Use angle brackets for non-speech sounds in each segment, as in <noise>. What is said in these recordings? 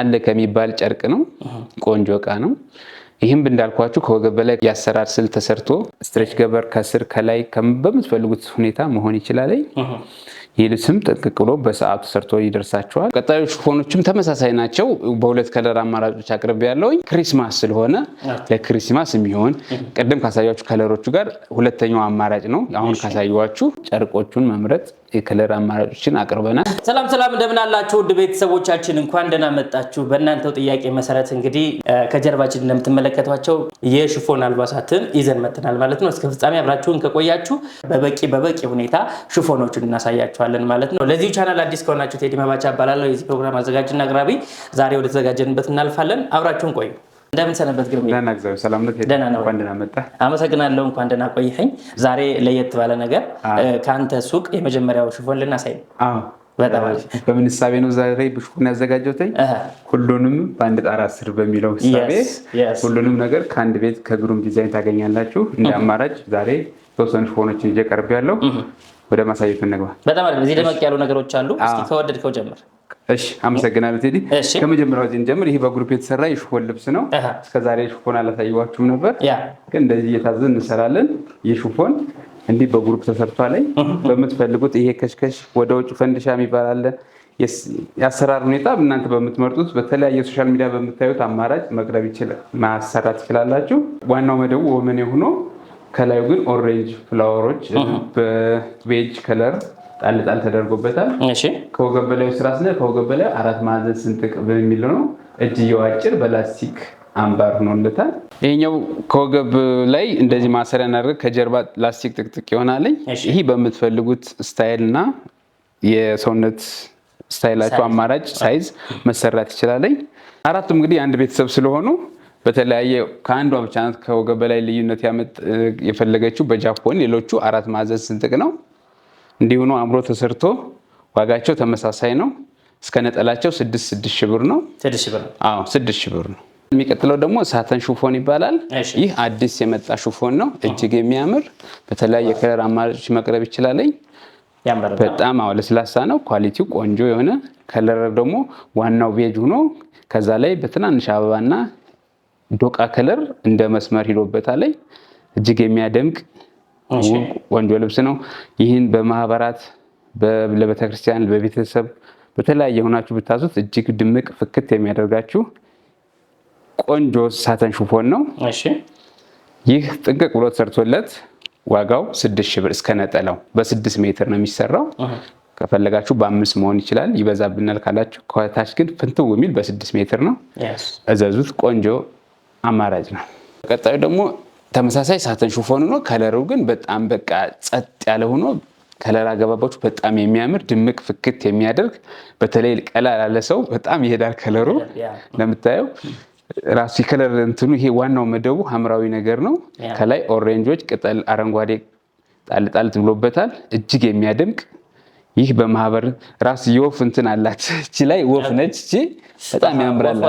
አለ ከሚባል ጨርቅ ነው። ቆንጆ እቃ ነው። ይህም እንዳልኳችሁ ከወገብ በላይ የአሰራር ስል ተሰርቶ ስትሬች ገበር ከስር ከላይ በምትፈልጉት ሁኔታ መሆን ይችላል። ይልስም ጥንቅቅ ብሎ በሰዓቱ ሰርቶ ይደርሳቸዋል። ቀጣዩ ሽፎኖችም ተመሳሳይ ናቸው። በሁለት ከለር አማራጮች አቅርብ ያለውኝ ክሪስማስ ስለሆነ ለክሪስማስ የሚሆን ቅድም ካሳያችሁ ከለሮቹ ጋር ሁለተኛው አማራጭ ነው። አሁን ካሳያችሁ ጨርቆቹን መምረጥ የከለር አማራጮችን አቅርበናል። ሰላም ሰላም፣ እንደምን አላችሁ ውድ ቤተሰቦቻችን፣ እንኳን ደህና መጣችሁ። በእናንተው ጥያቄ መሰረት እንግዲህ ከጀርባችን እንደምትመለከቷቸው የሽፎን አልባሳትን ይዘን መጥናል ማለት ነው። እስከ ፍጻሜ አብራችሁን ከቆያችሁ በበቂ በበቂ ሁኔታ ሽፎኖቹን እናሳያችኋለን ማለት ነው። ለዚሁ ቻናል አዲስ ከሆናችሁ ቴዲ መባቻ እባላለሁ፣ የዚህ ፕሮግራም አዘጋጅና አቅራቢ። ዛሬ ወደ ተዘጋጀንበት እናልፋለን። አብራችሁን ቆዩ። እንደምን ሰነበት ግርሜ? ደህና እግዚአብሔር ሰላም ነው። ደህና ነው። እንኳን ደህና መጣህ። አመሰግናለሁ። እንኳን ደህና ቆይኸኝ። ዛሬ ለየት ባለ ነገር ከአንተ ሱቅ የመጀመሪያው ሽፎን ልናሳይ ነው። በጣም በምን ሳቤ ነው ዛሬ ሽፎን ያዘጋጀሁትኝ? ሁሉንም በአንድ ጣራ ስር በሚለው ሳቤ ሁሉንም ነገር ከአንድ ቤት ከግሩም ዲዛይን ታገኛላችሁ። እንደ አማራጭ ዛሬ ተወሰኑ ሽፎኖችን ይዤ ቀርቤያለሁ። ወደ ማሳየቱ እንግባ። በጣም እዚህ ደመቅ ያሉ ነገሮች አሉ። ከወደድከው ጀምር። እሺ አመሰግናለሁ ቴዲ። ከመጀመሪያው ጀምር። ይሄ በግሩፕ የተሰራ የሽፎን ልብስ ነው። እስከዛሬ ሽፎን አላሳየኋችሁም ነበር፣ ግን እንደዚህ እየታዘዝን እንሰራለን። የሽፎን እንዲህ በግሩፕ ላይ በምትፈልጉት ይሄ ከሽከሽ ወደ ውጭ ፈንድሻ የሚባል አለ። የአሰራር ሁኔታ እናንተ በምትመርጡት በተለያየ ሶሻል ሚዲያ በምታዩት አማራጭ መቅረብ ማሰራት ትችላላችሁ። ዋናው መደቡ ወመኔ ሆኖ ከላዩ ግን ኦሬንጅ ፍላወሮች በቤጅ ከለር ጣል ጣል ተደርጎበታል። ከወገብ በላይ ስራ ስለ ከወገብ በላይ አራት ማዕዘን ስንጥቅ በሚል ነው። እጅየው አጭር በላስቲክ አምባር ሆኖለታል። ይሄኛው ከወገብ ላይ እንደዚህ ማሰሪያ እናደርግ፣ ከጀርባ ላስቲክ ጥቅጥቅ ይሆናለኝ። ይህ በምትፈልጉት ስታይል እና የሰውነት ስታይላቸው አማራጭ ሳይዝ መሰራት ይችላለኝ። አራቱም እንግዲህ አንድ ቤተሰብ ስለሆኑ በተለያየ ከአንዷ ብቻ ናት ከወገብ በላይ ልዩነት የፈለገችው በጃፖን ሌሎቹ አራት ማዕዘን ስንጥቅ ነው። እንዲሁኑ አምሮ ተሰርቶ ዋጋቸው ተመሳሳይ ነው። እስከ ነጠላቸው ስድስት ስድስት ሺህ ብር ነው። ስድስት ሺህ ብር ነው። የሚቀጥለው ደግሞ ሳተን ሹፎን ይባላል። ይህ አዲስ የመጣ ሹፎን ነው። እጅግ የሚያምር በተለያየ ከለር አማራጮች መቅረብ ይችላለኝ። በጣም አዎ ለስላሳ ነው። ኳሊቲው ቆንጆ የሆነ ከለር ደግሞ ዋናው ቤጅ ሆኖ ከዛ ላይ በትናንሽ አበባና ዶቃ ከለር እንደ መስመር ሂዶበታለኝ እጅግ የሚያደምቅ ቆንጆ ልብስ ነው። ይህን በማህበራት ለቤተክርስቲያን፣ በቤተሰብ በተለያየ ሆናችሁ ብታዙት እጅግ ድምቅ ፍክት የሚያደርጋችሁ ቆንጆ ሳተን ሹፎን ነው። ይህ ጥንቅቅ ብሎ ተሰርቶለት ዋጋው ስድስት ሺህ ብር እስከ ነጠላው በስድስት ሜትር ነው የሚሰራው። ከፈለጋችሁ በአምስት መሆን ይችላል። ይበዛብናል ካላችሁ ከታች ግን ፍንትው የሚል በስድስት ሜትር ነው። እዘዙት። ቆንጆ አማራጭ ነው። ቀጣዩ ደግሞ ተመሳሳይ ሳተን ሽፎን ነው። ከለሩ ግን በጣም በቃ ጸጥ ያለ ሆኖ ከለር አገባባቹ በጣም የሚያምር ድምቅ ፍክት የሚያደርግ በተለይ ቀላ ላለ ሰው በጣም ይሄዳል። ከለሩ ለምታየው ራሱ የከለር እንትኑ ይሄ ዋናው መደቡ ሐምራዊ ነገር ነው። ከላይ ኦሬንጆች ቅጠል አረንጓዴ ጣልጣል ብሎበታል። እጅግ የሚያደምቅ ይህ በማህበር ራስ የወፍ እንትን አላት። እቺ ላይ ወፍ ነች። እቺ በጣም ያምራል።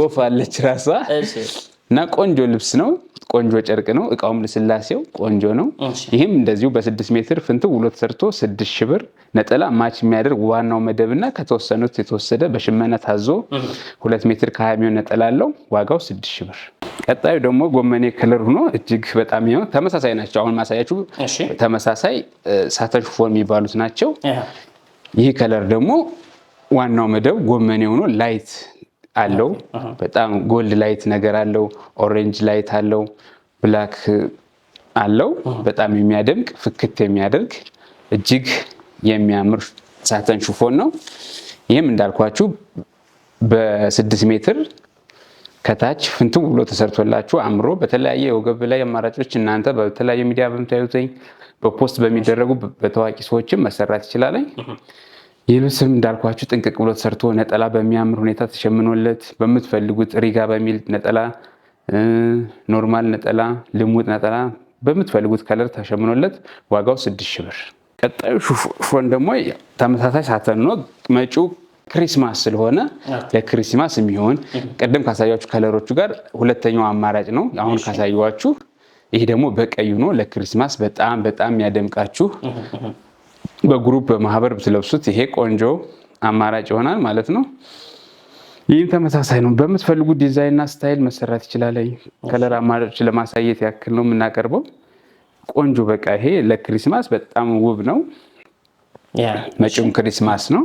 ወፍ አለች ራሷ እና ቆንጆ ልብስ ነው። ቆንጆ ጨርቅ ነው። እቃውም ልስላሴው ቆንጆ ነው። ይህም እንደዚሁ በስድስት ሜትር ፍንት ውሎ ተሰርቶ ስድስት ሺህ ብር ነጠላ ማች የሚያደርግ ዋናው መደብና ከተወሰኑት የተወሰደ በሽመና ታዞ ሁለት ሜትር ከሀያ የሚሆን ነጠላ አለው። ዋጋው ስድስት ሺህ ብር። ቀጣዩ ደግሞ ጎመኔ ከለር ሆኖ እጅግ በጣም ይኸው ተመሳሳይ ናቸው። አሁን ማሳያችሁ ተመሳሳይ ሳተን ሽፎን የሚባሉት ናቸው። ይህ ከለር ደግሞ ዋናው መደብ ጎመኔ ሆኖ ላይት አለው። በጣም ጎልድ ላይት ነገር አለው፣ ኦሬንጅ ላይት አለው፣ ብላክ አለው። በጣም የሚያደምቅ ፍክት የሚያደርግ እጅግ የሚያምር ሳተን ሹፎን ነው። ይህም እንዳልኳችሁ በስድስት ሜትር ከታች ፍንትው ብሎ ተሰርቶላችሁ አምሮ በተለያየ የወገብ ላይ አማራጮች እናንተ በተለያየ ሚዲያ በምታዩትኝ በፖስት በሚደረጉ በታዋቂ ሰዎችም መሰራት ይችላል። ይህ እንዳልኳችሁ ጥንቅቅ ብሎ ተሰርቶ ነጠላ በሚያምር ሁኔታ ተሸምኖለት በምትፈልጉት ሪጋ በሚል ነጠላ፣ ኖርማል ነጠላ፣ ልሙጥ ነጠላ በምትፈልጉት ከለር ተሸምኖለት ዋጋው ስድስት ሺህ ብር። ቀጣዩ ሹፎን ደግሞ ተመሳሳይ ሳተን ነው። መጪው ክሪስማስ ስለሆነ ለክሪስማስ የሚሆን ቅድም ካሳያችሁ ከለሮቹ ጋር ሁለተኛው አማራጭ ነው አሁን ካሳያችሁ ይህ ደግሞ በቀዩ ነው። ለክሪስማስ በጣም በጣም ያደምቃችሁ በግሩፕ በማህበር ብትለብሱት ይሄ ቆንጆ አማራጭ ይሆናል ማለት ነው። ይህም ተመሳሳይ ነው። በምትፈልጉት ዲዛይንና ስታይል መሰራት ይችላል። ከለር አማራጮችን ለማሳየት ያክል ነው የምናቀርበው። ቆንጆ በቃ ይሄ ለክሪስማስ በጣም ውብ ነው። መጪውም ክሪስማስ ነው።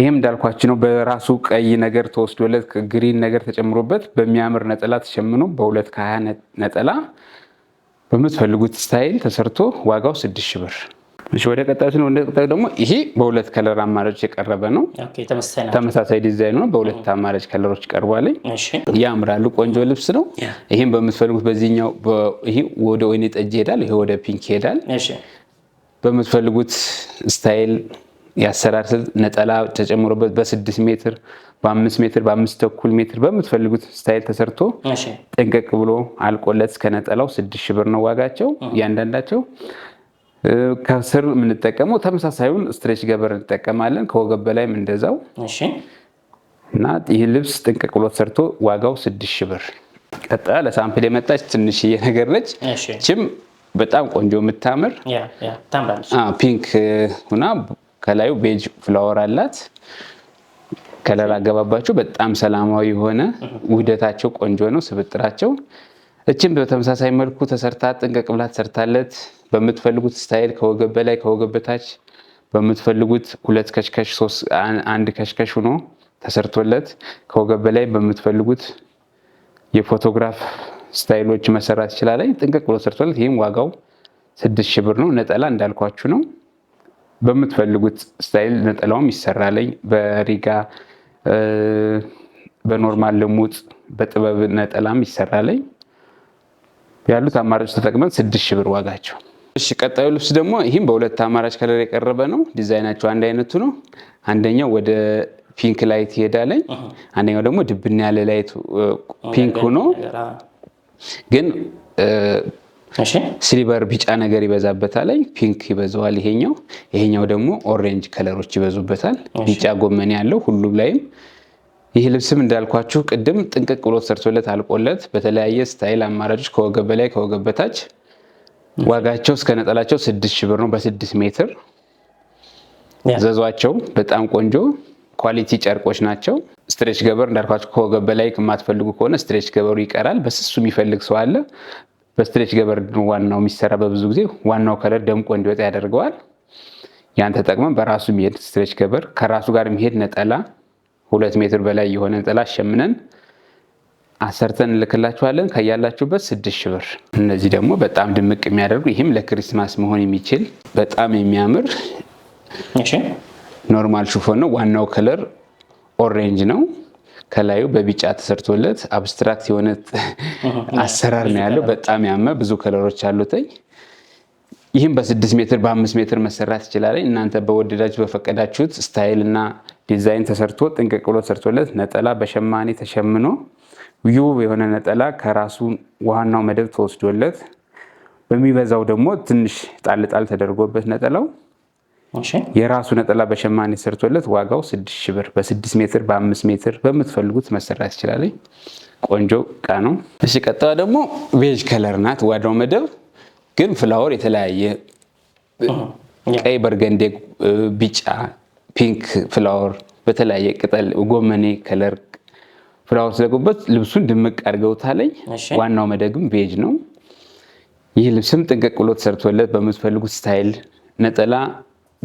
ይህም እንዳልኳችሁ ነው። በራሱ ቀይ ነገር ተወስዶለት ግሪን ነገር ተጨምሮበት በሚያምር ነጠላ ተሸምኖ በሁለት ከሀያ ነጠላ በምትፈልጉት ስታይል ተሰርቶ ዋጋው ስድስት ሺህ ብር እሺ ወደ ቀጣዩ ስለ ወደ ቀጣዩ ደግሞ ይሄ በሁለት ከለር አማራጮች የቀረበ ነው። ተመሳሳይ ዲዛይን ነው። በሁለት አማራጭ ከለሮች ቀርቧል። ያምራሉ። ቆንጆ ልብስ ነው። ይህም በምትፈልጉት በዚህኛው ወደ ወይኔ ጠጅ ይሄዳል፣ ይሄ ወደ ፒንክ ይሄዳል። በምትፈልጉት ስታይል የአሰራር ስልት ነጠላ ተጨምሮበት በስድስት ሜትር በአምስት ሜትር በአምስት ተኩል ሜትር በምትፈልጉት ስታይል ተሰርቶ ጥንቅቅ ብሎ አልቆለት እስከ ነጠላው ስድስት ሺህ ብር ነው ዋጋቸው እያንዳንዳቸው። ከስር የምንጠቀመው ተመሳሳዩን ስትሬች ገበር እንጠቀማለን። ከወገብ በላይም እንደዛው እና ይህ ልብስ ጥንቅቅ ብሎ ተሰርቶ ዋጋው ስድስት ሺህ ብር። ቀጥታ ለሳምፕል የመጣች ትንሽዬ ነገር ነች። ችም በጣም ቆንጆ የምታምር ፒንክ ሁና ከላዩ ቤጅ ፍላወር አላት። ከለር አገባባቸው በጣም ሰላማዊ የሆነ ውህደታቸው ቆንጆ ነው ስብጥራቸው እችም በተመሳሳይ መልኩ ተሰርታ ጥንቀቅ ብላ ተሰርታለት በምትፈልጉት ስታይል ከወገብ በላይ ከወገብ በታች በምትፈልጉት ሁለት ከሽከሽ አንድ ከሽከሽ ሆኖ ተሰርቶለት ከወገብ በላይ በምትፈልጉት የፎቶግራፍ ስታይሎች መሰራት ይችላል። ጥንቅቅ ብሎ ሰርቶለት ይህም ዋጋው ስድስት ሺህ ብር ነው። ነጠላ እንዳልኳችሁ ነው። በምትፈልጉት ስታይል ነጠላውም ይሰራለኝ። በሪጋ በኖርማል ልሙጥ በጥበብ ነጠላም ይሰራለኝ። ያሉት አማራጮች ተጠቅመን ስድስት ሺህ ብር ዋጋቸው። እሺ ቀጣዩ ልብስ ደግሞ ይህም በሁለት አማራጭ ከለር የቀረበ ነው። ዲዛይናቸው አንድ አይነቱ ነው። አንደኛው ወደ ፒንክ ላይት ይሄዳለኝ፣ አንደኛው ደግሞ ድብን ያለ ላይት ፒንክ ሆኖ ግን ሲሊቨር ቢጫ ነገር ይበዛበታል። ፒንክ ይበዛዋል ይሄኛው። ይሄኛው ደግሞ ኦሬንጅ ከለሮች ይበዙበታል። ቢጫ ጎመን ያለው ሁሉም ላይም ይህ ልብስም እንዳልኳችሁ ቅድም ጥንቅቅ ብሎ ሰርቶለት አልቆለት በተለያየ ስታይል አማራጮች ከወገብ በላይ ከወገብ በታች ዋጋቸው እስከ ነጠላቸው ስድስት ሺህ ብር ነው። በስድስት ሜትር ዘዟቸው በጣም ቆንጆ ኳሊቲ ጨርቆች ናቸው። ስትሬች ገበር እንዳልኳቸው ከወገብ በላይ የማትፈልጉ ከሆነ ስትሬች ገበሩ ይቀራል። በስሱ የሚፈልግ ሰው አለ። በስትሬች ገበር ዋናው የሚሰራ በብዙ ጊዜ ዋናው ከለር ደምቆ እንዲወጣ ያደርገዋል። ያን ተጠቅመን በራሱ የሚሄድ ስትሬች ገበር ከራሱ ጋር የሚሄድ ነጠላ ሁለት ሜትር በላይ የሆነ ነጠላ ሸምነን አሰርተን እንልክላችኋለን። ከያላችሁበት ስድስት ሺህ ብር። እነዚህ ደግሞ በጣም ድምቅ የሚያደርጉ ይህም ለክሪስማስ መሆን የሚችል በጣም የሚያምር ኖርማል ሹፎን ነው። ዋናው ከለር ኦሬንጅ ነው። ከላዩ በቢጫ ተሰርቶለት አብስትራክት የሆነ አሰራር ነው ያለው። በጣም ያመ ብዙ ከለሮች አሉተኝ ይህም በስድስት ሜትር በአምስት ሜትር መሰራት ይችላል። እናንተ በወደዳችሁ በፈቀዳችሁት ስታይል እና ዲዛይን ተሰርቶ ጥንቅቅ ብሎ ተሰርቶለት ነጠላ በሸማኔ ተሸምኖ ዩ የሆነ ነጠላ ከራሱ ዋናው መደብ ተወስዶለት በሚበዛው ደግሞ ትንሽ ጣልጣል ተደርጎበት ነጠላው የራሱ ነጠላ በሸማኔ ተሰርቶለት ዋጋው ስድስት ሺህ ብር በስድስት ሜትር በአምስት ሜትር በምትፈልጉት መሰራት ይችላል። ቆንጆ እቃ ነው። እሺ ቀጥታ ደግሞ ቤጅ ከለር ናት ዋናው መደብ ግን ፍላወር የተለያየ ቀይ፣ በርገንዴ፣ ቢጫ፣ ፒንክ ፍላወር በተለያየ ቅጠል ጎመኔ ከለር ፍላወር ስለገቡበት ልብሱን ድምቅ አድርገውታለኝ። ዋናው መደግም ቤጅ ነው። ይህ ልብስም ጥንቅቅ ብሎ ተሰርቶለት በምትፈልጉት ስታይል ነጠላ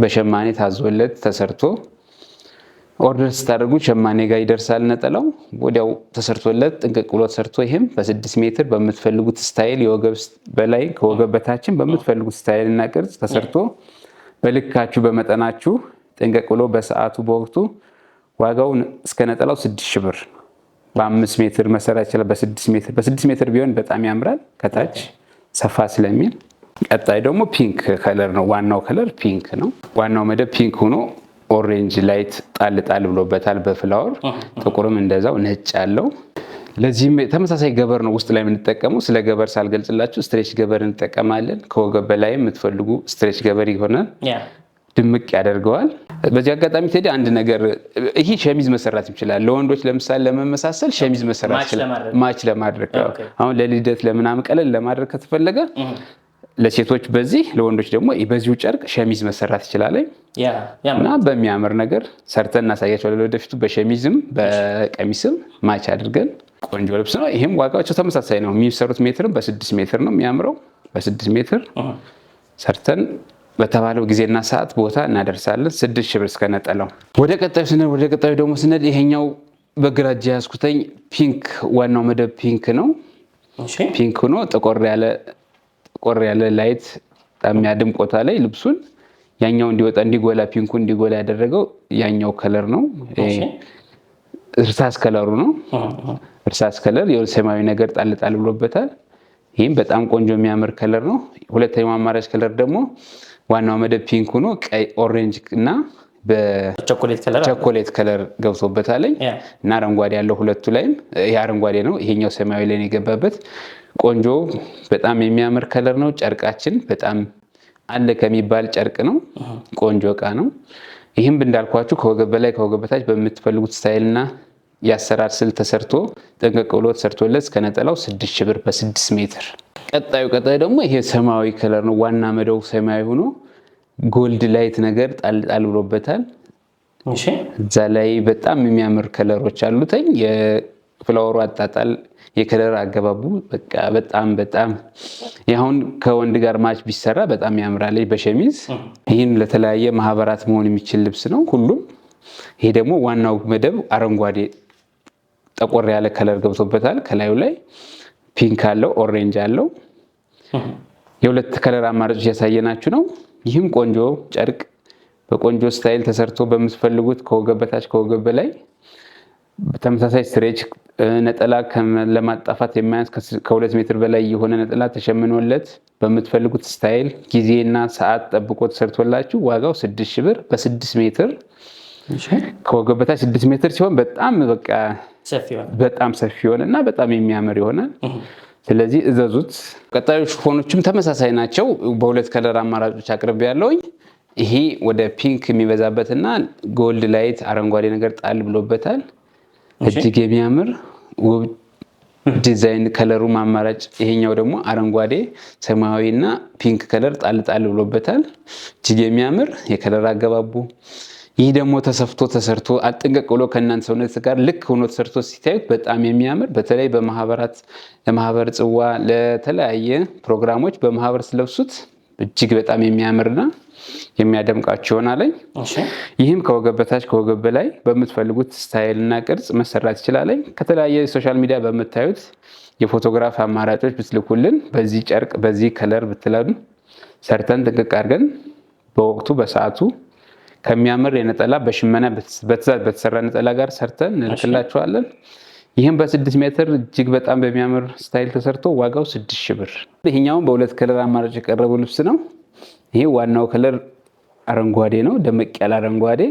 በሸማኔ ታዞለት ተሰርቶ ኦርደር ስታደርጉ ሸማኔ ጋር ይደርሳል ነጠላው ወዲያው ተሰርቶለት ጥንቅቅ ብሎ ተሰርቶ ይህም በስድስት ሜትር በምትፈልጉት ስታይል የወገብ በላይ ከወገብ በታችን በምትፈልጉት ስታይል እና ቅርጽ ተሰርቶ በልካችሁ በመጠናችሁ ጥንቅቅ ብሎ በሰዓቱ በወቅቱ ዋጋው እስከ ነጠላው ስድስት ሺህ ብር በአምስት ሜትር መሰራት ይችላል። በስድስት ሜትር በስድስት ሜትር ቢሆን በጣም ያምራል። ከታች ሰፋ ስለሚል ቀጣይ ደግሞ ፒንክ ከለር ነው። ዋናው ከለር ፒንክ ነው። ዋናው መደብ ፒንክ ሆኖ ኦሬንጅ ላይት ጣል ጣል ብሎበታል በፍላወር ጥቁርም እንደዛው ነጭ ያለው ለዚህም ተመሳሳይ ገበር ነው ውስጥ ላይ የምንጠቀመው። ስለ ገበር ሳልገልጽላችሁ ስትሬች ገበር እንጠቀማለን። ከወገብ በላይ የምትፈልጉ ስትሬች ገበር ይሆናል፣ ድምቅ ያደርገዋል። በዚህ አጋጣሚ ቴዲ አንድ ነገር ይሄ ሸሚዝ መሰራት ይችላል። ለወንዶች ለምሳሌ ለመመሳሰል ሸሚዝ መሰራት ይችላል፣ ማች ለማድረግ አሁን ለልደት ለምናምን ቀለል ለማድረግ ከተፈለገ ለሴቶች በዚህ ለወንዶች ደግሞ በዚሁ ጨርቅ ሸሚዝ መሰራት ይችላል እና በሚያምር ነገር ሰርተን እናሳያቸዋለን። ወደፊቱ በሸሚዝም በቀሚስም ማች አድርገን ቆንጆ ልብስ ነው። ይህም ዋጋቸው ተመሳሳይ ነው። የሚሰሩት ሜትርም በስድስት ሜትር ነው የሚያምረው። በስድስት ሜትር ሰርተን በተባለው ጊዜና ሰዓት ቦታ እናደርሳለን። ስድስት ሺህ ብር እስከነጠለው። ወደ ቀጣዩ ስንል ወደ ቀጣዩ ደግሞ ስንል ይሄኛው በግራ እጅ ያዝኩተኝ ፒንክ፣ ዋናው መደብ ፒንክ ነው። ፒንክ ሆኖ ጠቆር ያለ ጠቆር ያለ ላይት የሚያድም ቆታ ላይ ልብሱን ያኛው እንዲወጣ እንዲጎላ ፒንኩ እንዲጎላ ያደረገው ያኛው ከለር ነው። እርሳስ ከለሩ ነው። እርሳስ ከለር የሆነ ሰማያዊ ነገር ጣል ጣል ብሎበታል። ይህም በጣም ቆንጆ የሚያምር ከለር ነው። ሁለተኛው አማራጭ ከለር ደግሞ ዋናው መደብ ፒንኩ ነው። ቀይ ኦሬንጅ እና በቸኮሌት ከለር ገብቶበታለኝ እና አረንጓዴ ያለው ሁለቱ ላይም ይሄ አረንጓዴ ነው። ይሄኛው ሰማያዊ ላይ የገባበት ቆንጆ በጣም የሚያምር ከለር ነው። ጨርቃችን በጣም አለ ከሚባል ጨርቅ ነው። ቆንጆ እቃ ነው። ይህም እንዳልኳችሁ ከወገብ በላይ ከወገብ በታች በምትፈልጉት ስታይልና የአሰራር ስል ተሰርቶ ጠንቀቅ ብሎ ተሰርቶለት እስከነጠላው ስድስት ሺህ ብር በስድስት ሜትር። ቀጣዩ ቀጣይ ደግሞ ይሄ ሰማያዊ ከለር ነው። ዋና መደቡ ሰማያዊ ሆኖ ጎልድ ላይት ነገር ጣልጣል ብሎበታል። እዛ ላይ በጣም የሚያምር ከለሮች አሉተኝ። የፍላወሩ አጣጣል፣ የከለር አገባቡ በቃ በጣም በጣም ያሁን ከወንድ ጋር ማች ቢሰራ በጣም ያምራለች በሸሚዝ ይህን ለተለያየ ማህበራት መሆን የሚችል ልብስ ነው ሁሉም። ይሄ ደግሞ ዋናው መደብ አረንጓዴ ጠቆር ያለ ከለር ገብቶበታል። ከላዩ ላይ ፒንክ አለው፣ ኦሬንጅ አለው። የሁለት ከለር አማራጮች እያሳየናችሁ ነው። ይህም ቆንጆ ጨርቅ በቆንጆ ስታይል ተሰርቶ በምትፈልጉት ከወገብ በታች ከወገብ በላይ ተመሳሳይ ስትሬች ነጠላ ለማጣፋት የማያንስ ከሁለት ሜትር በላይ የሆነ ነጠላ ተሸምኖለት በምትፈልጉት ስታይል ጊዜና ሰዓት ጠብቆ ተሰርቶላችሁ ዋጋው ስድስት ሺህ ብር በስድስት ሜትር ከወገብ በታች ስድስት ሜትር ሲሆን በጣም በቃ በጣም ሰፊ ሆነ እና በጣም የሚያምር ይሆናል። ስለዚህ እዘዙት። ቀጣዩ ሽፎኖችም ተመሳሳይ ናቸው። በሁለት ከለር አማራጮች አቅርቤ ያለውኝ ይሄ ወደ ፒንክ የሚበዛበትና ጎልድ ላይት አረንጓዴ ነገር ጣል ብሎበታል። እጅግ የሚያምር ውብ ዲዛይን ከለሩ አማራጭ። ይሄኛው ደግሞ አረንጓዴ ሰማያዊና ፒንክ ከለር ጣል ጣል ብሎበታል። እጅግ የሚያምር የከለር አገባቡ ይህ ደግሞ ተሰፍቶ ተሰርቶ አጠንቀቅ ብሎ ከእናንተ ሰውነት ጋር ልክ ሆኖ ተሰርቶ ሲታዩት በጣም የሚያምር በተለይ በማህበራት ለማህበር ጽዋ፣ ለተለያየ ፕሮግራሞች በማህበር ስለብሱት እጅግ በጣም የሚያምርና የሚያደምቃችሁ ይሆናል። ይህም ከወገብ በታች ከወገብ በላይ በምትፈልጉት ስታይልና ቅርጽ መሰራት ይችላል። ከተለያየ ሶሻል ሚዲያ በምታዩት የፎቶግራፍ አማራጮች ብትልኩልን በዚህ ጨርቅ በዚህ ከለር ብትለን ሰርተን ጥንቅቅ አድርገን በወቅቱ በሰዓቱ ከሚያምር የነጠላ በሽመና በትእዛዝ በተሰራ ነጠላ ጋር ሰርተን እንልክላችኋለን። ይህም በስድስት ሜትር እጅግ በጣም በሚያምር ስታይል ተሰርቶ ዋጋው ስድስት ሺህ ብር። ይህኛውም በሁለት ከለር አማራጭ የቀረበው ልብስ ነው። ይሄ ዋናው ከለር አረንጓዴ ነው፣ ደመቅ ያለ አረንጓዴ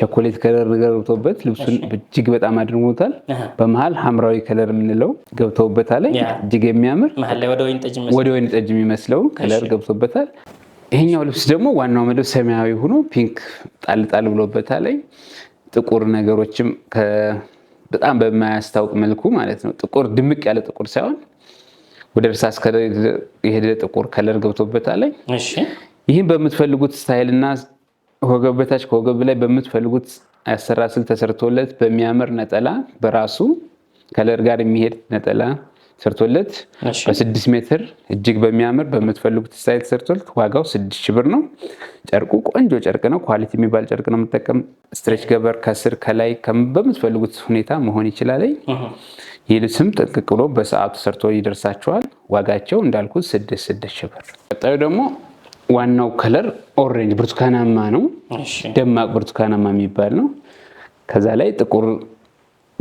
ቸኮሌት ከለር ነገር ገብቶበት ልብሱን እጅግ በጣም አድርጎታል። በመሀል ሐምራዊ ከለር የምንለው ገብተውበታል። እጅግ የሚያምር ወደ ወይን ጠጅ የሚመስለው ከለር ገብቶበታል። ይሄኛው ልብስ ደግሞ ዋናው መደብ ሰማያዊ ሆኖ ፒንክ ጣልጣል ጣል ጥቁር ነገሮችም በጣም በማያስታውቅ መልኩ ማለት ነው። ጥቁር ድምቅ ያለ ጥቁር ሳይሆን ወደ እርሳስ የሄደ ጥቁር ከለር ገብቶበታል። ላይ ይህም በምትፈልጉት ስታይልና ወገብ በታች ከወገብ ላይ በምትፈልጉት አሰራስል ተሰርቶለት በሚያምር ነጠላ በራሱ ከለር ጋር የሚሄድ ነጠላ ሰርቶለት በስድስት ሜትር እጅግ በሚያምር በምትፈልጉት ስታይል ሰርቶለት ዋጋው ስድስት ሺህ ብር ነው። ጨርቁ ቆንጆ ጨርቅ ነው። ኳሊቲ የሚባል ጨርቅ ነው የምጠቀም። ስትሬች ገበር ከስር ከላይ በምትፈልጉት ሁኔታ መሆን ይችላል። ይህ ልብስም ጥንቅቅ ብሎ በሰዓቱ ሰርቶ ይደርሳቸዋል። ዋጋቸው እንዳልኩት ስድስት ስድስት ሺህ ብር። ቀጣዩ ደግሞ ዋናው ከለር ኦሬንጅ ብርቱካናማ ነው። ደማቅ ብርቱካናማ የሚባል ነው። ከዛ ላይ ጥቁር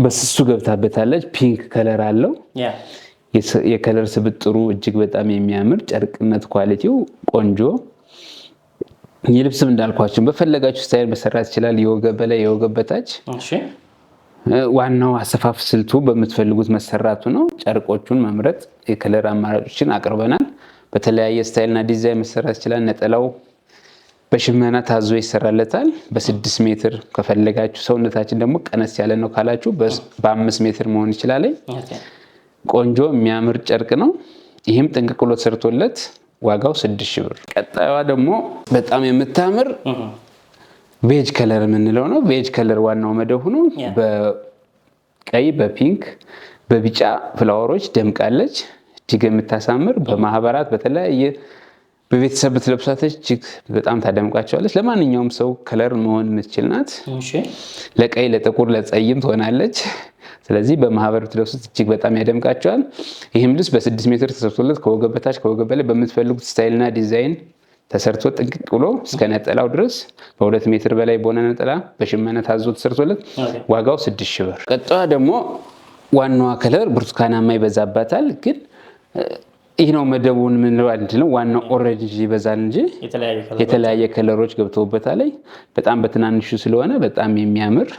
በስሱ ገብታበታለች። ፒንክ ከለር አለው የከለር ስብጥሩ እጅግ በጣም የሚያምር ጨርቅነት ኳሊቲው ቆንጆ የልብስም እንዳልኳቸው በፈለጋችሁ ስታይል መሰራት ይችላል። የወገብ በላይ የወገብ በታች ዋናው አሰፋፍ ስልቱ በምትፈልጉት መሰራቱ ነው። ጨርቆቹን መምረጥ የከለር አማራጮችን አቅርበናል። በተለያየ ስታይልና ዲዛይን መሰራት ይችላል። ነጠላው በሽመና ታዞ ይሰራለታል። በስድስት ሜትር ከፈለጋችሁ ሰውነታችን ደግሞ ቀነስ ያለ ነው ካላችሁ በአምስት ሜትር መሆን ይችላል። ቆንጆ የሚያምር ጨርቅ ነው። ይህም ጥንቅቅ ሰርቶለት ዋጋው ስድስት ሺህ ብር። ቀጣዩዋ ደግሞ በጣም የምታምር ቬጅ ከለር የምንለው ነው። ቬጅ ከለር ዋናው መደቡ ነው። በቀይ በፒንክ በቢጫ ፍላወሮች ደምቃለች። እጅግ የምታሳምር በማህበራት በተለያየ በቤተሰብ ብትለብሳተች እጅግ በጣም ታደምቃቸዋለች። ለማንኛውም ሰው ከለር መሆን የምትችል ናት። ለቀይ፣ ለጥቁር፣ ለጸይም ትሆናለች። ስለዚህ በማህበር ብትለብሱት እጅግ በጣም ያደምቃቸዋል። ይህም ልብስ በስድስት ሜትር ተሰርቶለት ከወገብ በታች ከወገብ በላይ በምትፈልጉት ስታይልና ዲዛይን ተሰርቶ ጥንቅቅ ብሎ እስከ ነጠላው ድረስ በሁለት ሜትር በላይ በሆነ ነጠላ በሽመና ታዞ ተሰርቶለት ዋጋው ስድስት ሺህ ብር። ቀጣዋ ደግሞ ዋናዋ ከለር ብርቱካናማ ይበዛባታል ግን ይህ ነው መደቡን ምንለው አንችልም። ዋናው ኦረንጅ ይበዛል እንጂ የተለያየ ከለሮች ገብተውበታል። በጣም በትናንሹ ስለሆነ በጣም የሚያምር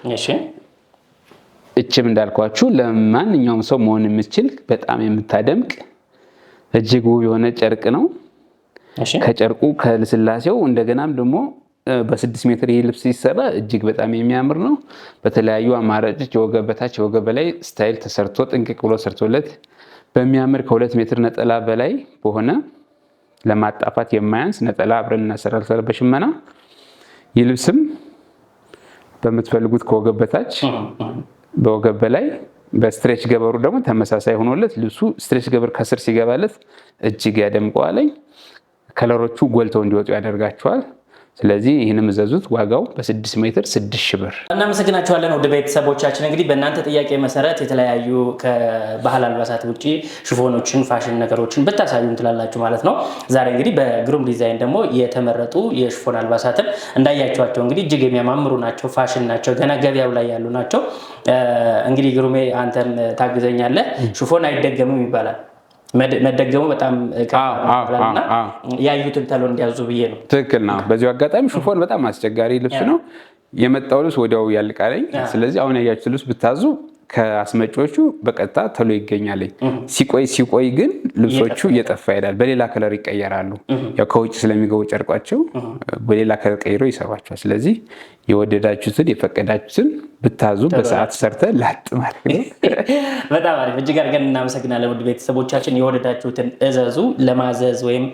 እችም እንዳልኳችሁ ለማንኛውም ሰው መሆን የምትችል በጣም የምታደምቅ እጅግ ውብ የሆነ ጨርቅ ነው። ከጨርቁ ከልስላሴው እንደገናም ደግሞ በስድስት ሜትር ይህ ልብስ ሲሰራ እጅግ በጣም የሚያምር ነው። በተለያዩ አማራጮች የወገብ በታች የወገብ በላይ ስታይል ተሰርቶ ጥንቅቅ ብሎ ሰርቶለት በሚያምር ከሁለት ሜትር ነጠላ በላይ በሆነ ለማጣፋት የማያንስ ነጠላ አብረን እናሰራለን በሽመና። ይህ ልብስም በምትፈልጉት ከወገብ በታች በወገብ በላይ በስትሬች ገበሩ ደግሞ ተመሳሳይ ሆኖለት ልብሱ ስትሬች ገበር ከስር ሲገባለት እጅግ ያደምቀዋለኝ። ከለሮቹ ጎልተው እንዲወጡ ያደርጋቸዋል። ስለዚህ ይህንም እዘዙት። ዋጋው በ6 ሜትር 6 ብር። እናመሰግናቸዋለን ውድ ቤተሰቦቻችን። እንግዲህ በእናንተ ጥያቄ መሰረት የተለያዩ ከባህል አልባሳት ውጭ ሽፎኖችን፣ ፋሽን ነገሮችን ብታሳዩ ትላላችሁ ማለት ነው። ዛሬ እንግዲህ በግሩም ዲዛይን ደግሞ የተመረጡ የሽፎን አልባሳትን እንዳያቸዋቸው እንግዲህ እጅግ የሚያማምሩ ናቸው። ፋሽን ናቸው። ገና ገበያው ላይ ያሉ ናቸው። እንግዲህ ግሩሜ አንተም ታግዘኛለህ። ሽፎን አይደገምም ይባላል መደግ ደግሞ በጣም ያዩትን ተሎ እንዲያዙ ብዬ ነው። ትክክል ነው። በዚሁ አጋጣሚ ሽፎን በጣም አስቸጋሪ ልብስ ነው። የመጣው ልብስ ወዲያው ያልቃለኝ። ስለዚህ አሁን ያያችሁት ልብስ ብታዙ ከአስመጪዎቹ በቀጥታ ተሎ ይገኛለኝ። ሲቆይ ሲቆይ ግን ልብሶቹ እየጠፋ ይሄዳል፣ በሌላ ከለር ይቀየራሉ። ያው ከውጭ ስለሚገቡ ጨርቋቸው በሌላ ከለር ቀይሮ ይሰሯቸዋል። ስለዚህ የወደዳችሁትን የፈቀዳችሁትን ብታዙ በሰዓት ሰርተ ላጥማል። <laughs> በጣም አሪፍ። እጅግ አድርገን እናመሰግናለን። ውድ ቤተሰቦቻችን የወደዳችሁትን እዘዙ። ለማዘዝ ወይም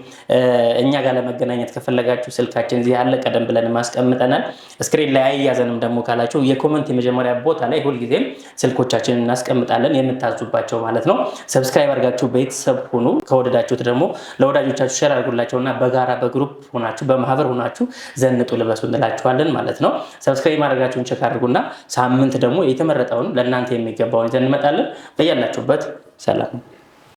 እኛ ጋር ለመገናኘት ከፈለጋችሁ ስልካችን እዚህ ያለ ቀደም ብለን ማስቀምጠናል። ስክሪን ላይ አያዘንም ደግሞ ካላችሁ የኮመንት የመጀመሪያ ቦታ ላይ ሁልጊዜም ስልኮቻችን እናስቀምጣለን የምታዙባቸው ማለት ነው። ሰብስክራይብ አድርጋችሁ ቤተሰብ ሁኑ። ከወደዳችሁት ደግሞ ለወዳጆቻችሁ ሸር አድርጉላቸውና በጋራ በግሩፕ ሆናችሁ በማህበር ሆናችሁ ዘንጡ ልበሱ እንላችኋለን ማለት ነው። ሰብስክራይብ ማድረጋችሁን ቸክ አድርጉና ሳምንት ደግሞ የተመረጠውን ለእናንተ የሚገባውን ይዘን እንመጣለን። በያላችሁበት ሰላም